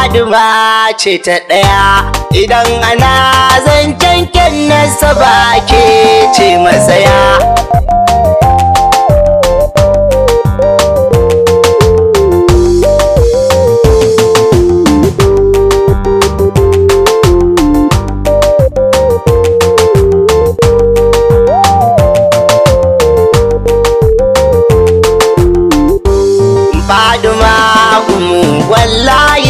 fadima ce ta ɗaya idan ana zancen kyanarsa ba ke ce matsaya fadima gumu wallahi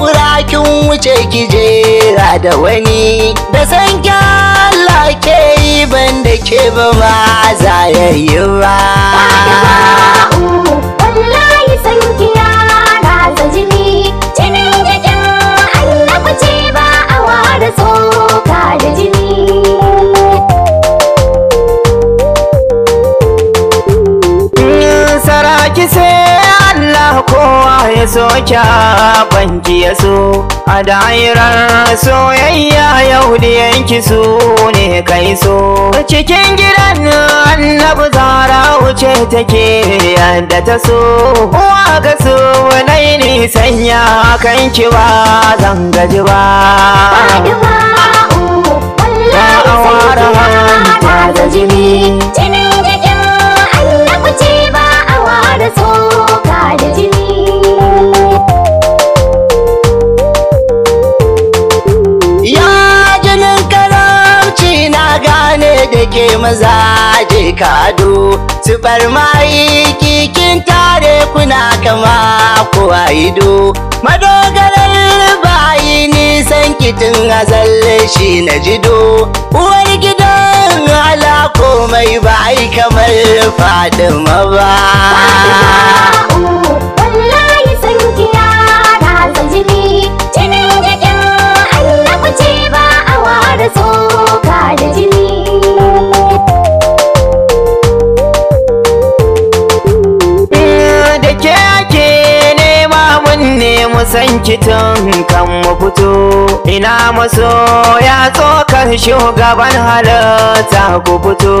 kurakin kin wuce jera da wani da san Allah ke yi ban da ke ba ba, za ya yi ba kyaban ki so a da'irar soyayya yau da yanki su ne kai so cikin gidan annabu zara wuce take yadda ta so uwa ga so nai ni sanya kan ki ba zan gaji ba ta awara ta da jini jini da annabi ce ba da so da maza je kado sifar mai kikin tare kuna kama kowa ido madogarar bayi nisan kitin azalle shi na jido uwar gidan ala mai ba kamar fadima ba wallahi san ba a su. ne mu san kitin kan mu fito ina maso ya tsokar shugaban halitta ku fito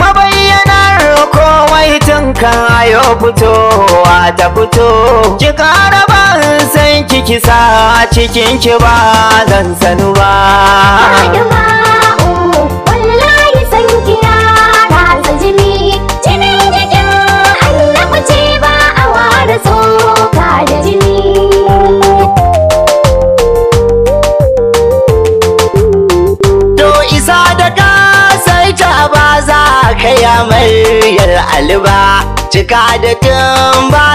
mabayyanar wai tun kan ayo fito a ta fito ki kara ban san kiki sa cikin ki ba zan sanu ba oh, wallahi san jini jini da tsoka da jini to isa da sai ta ba za ka yi amaryar aliba cika da tun ba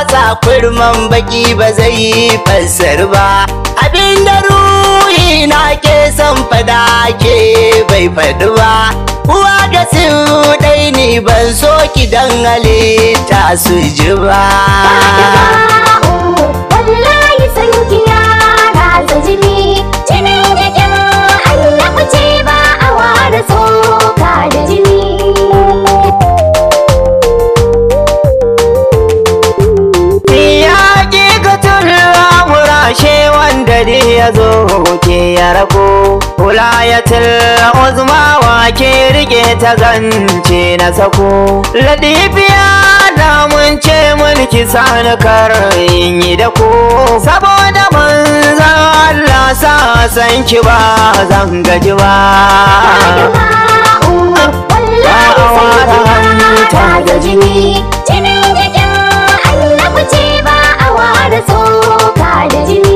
kurman baki ba zai fassar ba abin da sirri na ke son fada ke bai faɗi ba uwa da ɗai ne ban so ki dan halitta su ji ba wallahi san ki ya ratsa jini jini da kyan Allah ku ce ba a ware tsoka da jini Ya ƙi ga turra wanda ne ya zo rago ya wulayatul uzma wa ke ta zance na sako ladifiya da mun ce mulki sani karin yi da ko saboda manzo Allah sa san ki ba zan gaji ba wallahi sai ta jini da kyan Allah ku ce ba a ware tsoka da jini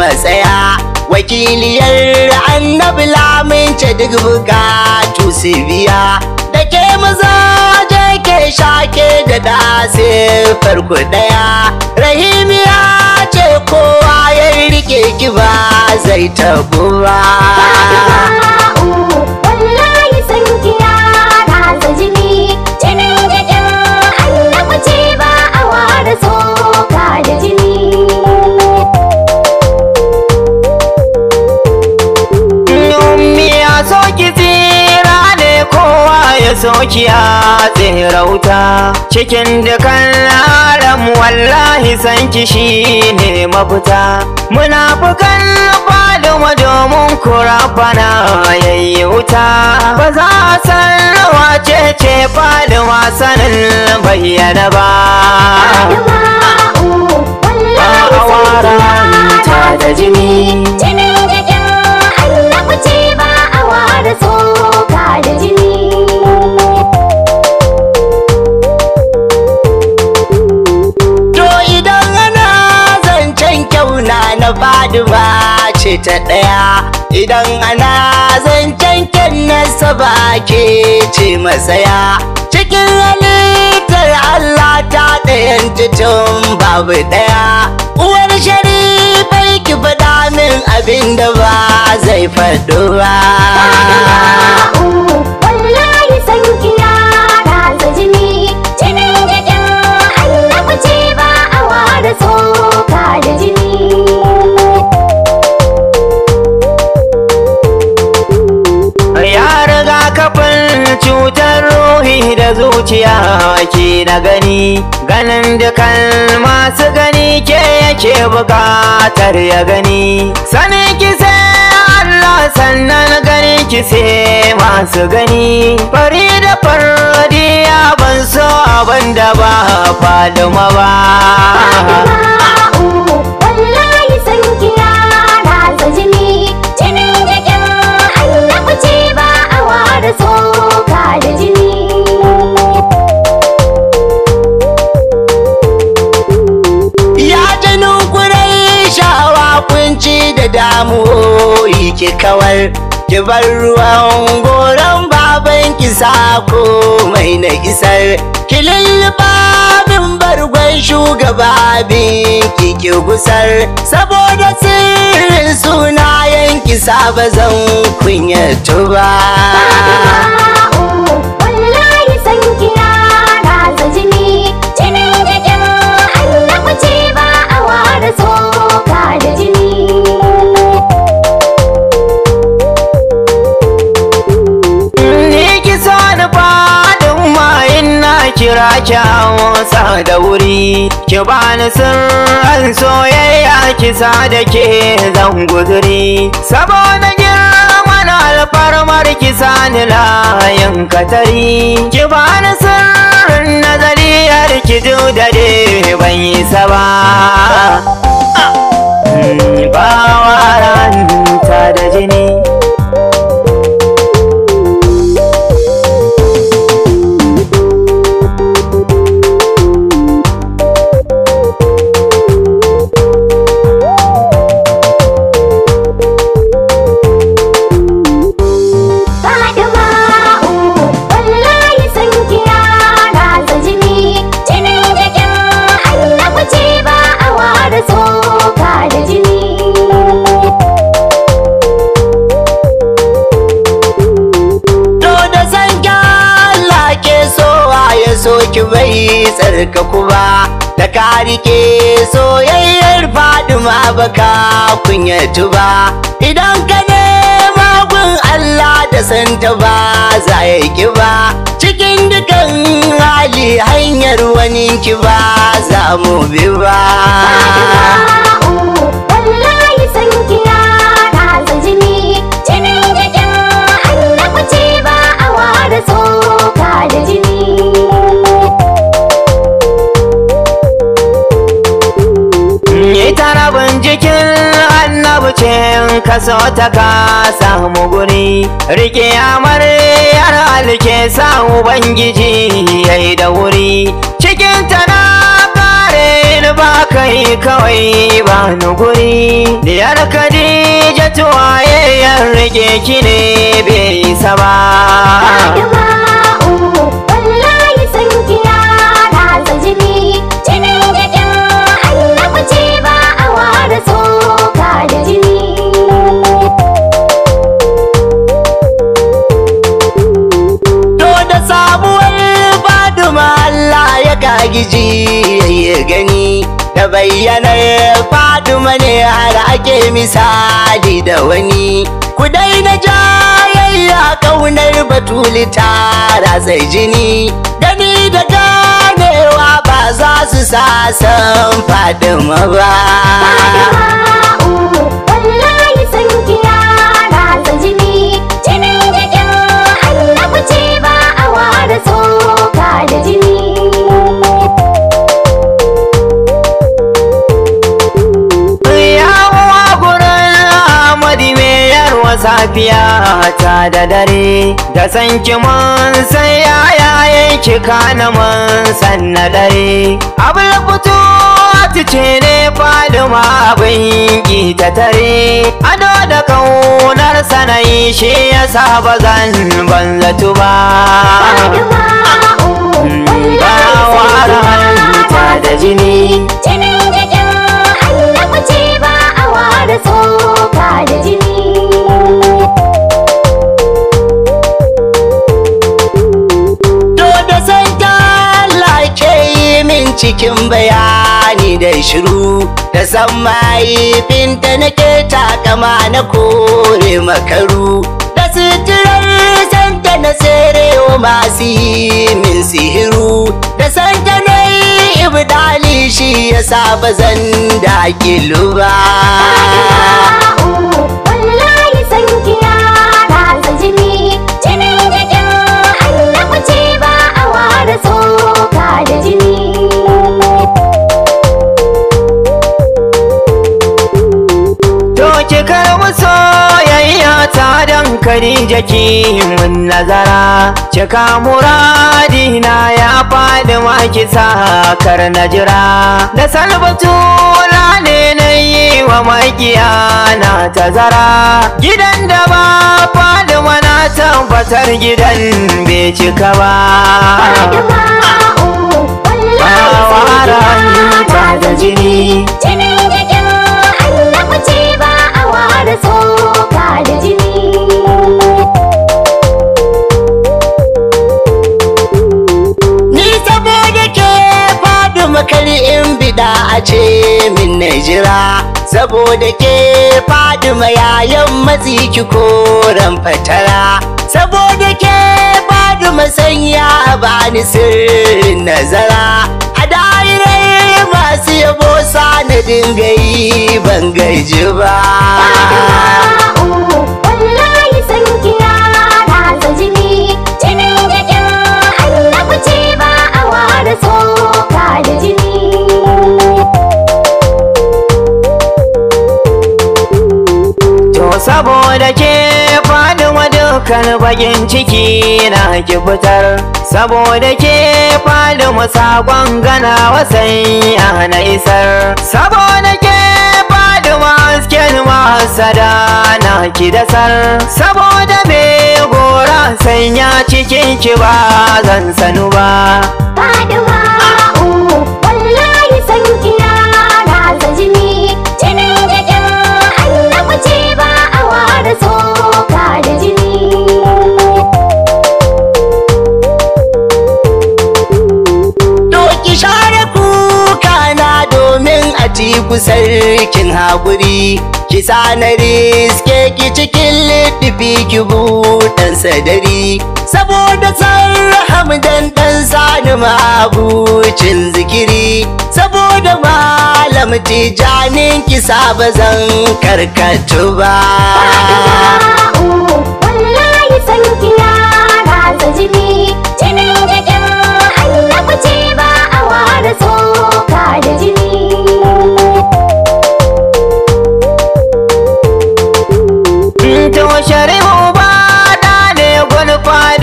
matsaya wakiliyar annabi lamince duk bukatu su biya da ke maza je ke shake da da farko daya rahimiya ce kowa ya rike kiba zai tabuwa wallahi sun kiya jini dokiya wuta cikin dukan alam wallahi sanki shi ne mafita munafukan faduma domin kurafana yayi wuta ba za a san rawa ce ce faduma sanin bayyana ba oh, ita ɗaya idan ana zancen nasa ba ke ce masaya cikin halittar Allah ta ɗayan tun babu ɗaya uwar sharifai ki faɗa min abin da ba zai faɗo ba ruhi da zuciya ke na gani ganin dukan masu gani ke yake bukatar ya gani sani kise Allah sannan ki kise masu gani fari da ya ban so abinda da ba faduma ba da damuwoyi ki kawar ki bar ruwan goron baban ki sako mai na isar ki lulluɓa min bargon shugaba ki ki gusar saboda sirrin sunayen ki sa kunya kunyatu ba oh. jira ki motsa da wuri ki bani an soyayya ki sa da ke zan guzuri saboda girman alfarmar ki sani layin katari ki bani sirrin nazariyar ki dudade ban yi saba ba hmm, waranta da jini ma baka kunyatu ba idan ka nema gun Allah da santa ba za ya ki ba cikin dukan hali hanyar wani ki ba za mu bi ba wuce ka so ta ka samu guri rike amaryar halke sa ubangiji ya yi da wuri cikin ta na kare ni ba kai kawai ba ni guri diyar kadija tuwaye yan rike ki ne bai isa ba Jini ba a so Ka giji ya gani da bayyanar fatima ne har ake misali da wani ku daina jayayya kaunar batuli tara zai jini gani da ganewa ba za su sa san Fatima ba oh, jini ce ba a tana da jini safiya ta da dare da san kiman sai ya yayin kika na man san na dare abul gwamnati ce ne falima abin ki ta tare ado da kaunar sanayi shi ya sa ba zan banzatu ba ba wara hanta da jini jinin jikin Allah ku ce ba a ware tsoka da jini Do da san ta lake min cikin baya da shiru da san na nake kama na kore makaru da sitirar santa na serewa masu min sihiru da santa na yi ibdali shi ya sa zan da ba. kari ki mun nazara cika muradi na ya faɗi kisa kar na jira da salbatula ne na yi wa makiya na tazara gidan da ba faɗi na tabbatar gidan bai cika ba hijira saboda ke fadima yayan matsi ki koran fatara saboda ke fadima sanya ni sirrin nazara a dairai masu yabo sa na dingayi ban gaji ba da ke faɗuwa dukkan bakin ciki na ki fitar saboda ke faɗuwa sakon ganawa sanya na isar saboda ke faɗuwa hasken masada na ki dasar saboda me gora sanya cikin ki ba zan sanu ba faɗuwa a'u wallahi san kina na zajimi ta tsoka da jini Doki share kuka na domin a ci sarkin haƙuri Ki na riske ki cikin littafi ki buɗan sadari Saboda sarraha mu dan sani mabucin zikiri saboda malam tijanin kisa ba zan karkatu ba oh, wallahi san kina ratsa jini jinin jikin annabi ce ba a ware tsoka da jini toshar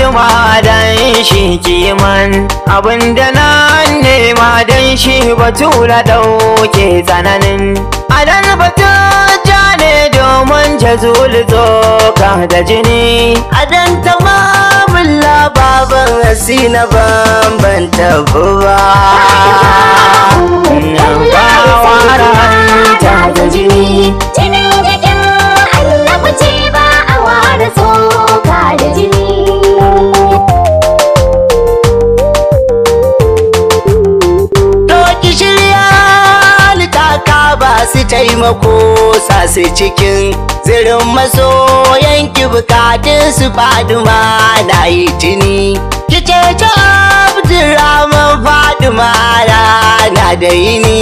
nema dan shi kiman abinda na nema dan shi batula dauke tsananin adan batun ne domin jazul zoka da jini adan tamamin lababan hasi na bambanta buwa ba da jini jini da Allah ce ba a ware tsoka da jini shirya litaka ba su taimako sa su cikin zirin masoyan ki bukatun su faduma na yi tuni ki cece abdurrahman faduma na na da yini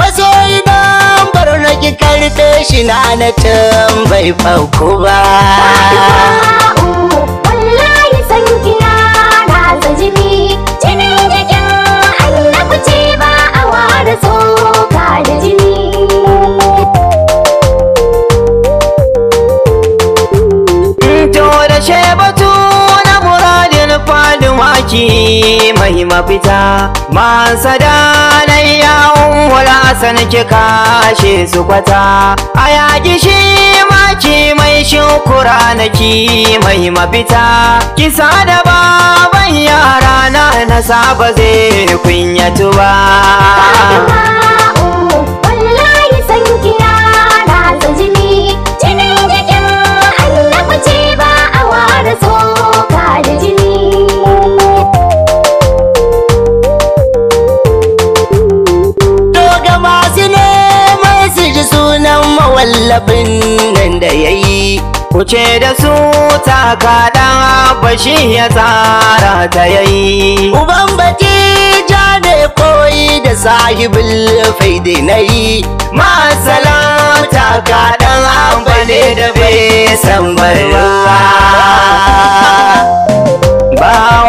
masoyi don baro na ki karfe shi na na can bai farko ba wallahi san na jini da Allah ba kama da tsoka da jini da shebatu na muradin fadin waki mai mafita ma sada ya umula san ki kashe su kwata a yaƙi shi maki mai shukura na ki mai mafita kisa da baban yara na na saba zai kunyatu ba oh, wallahi san kira na jini Kuce da su taka dan bashi ya tsara ta yayi. Uban baki ja ne koyi da sahibin faide na yi. Masala taka dan ne da bai san barwa. Ba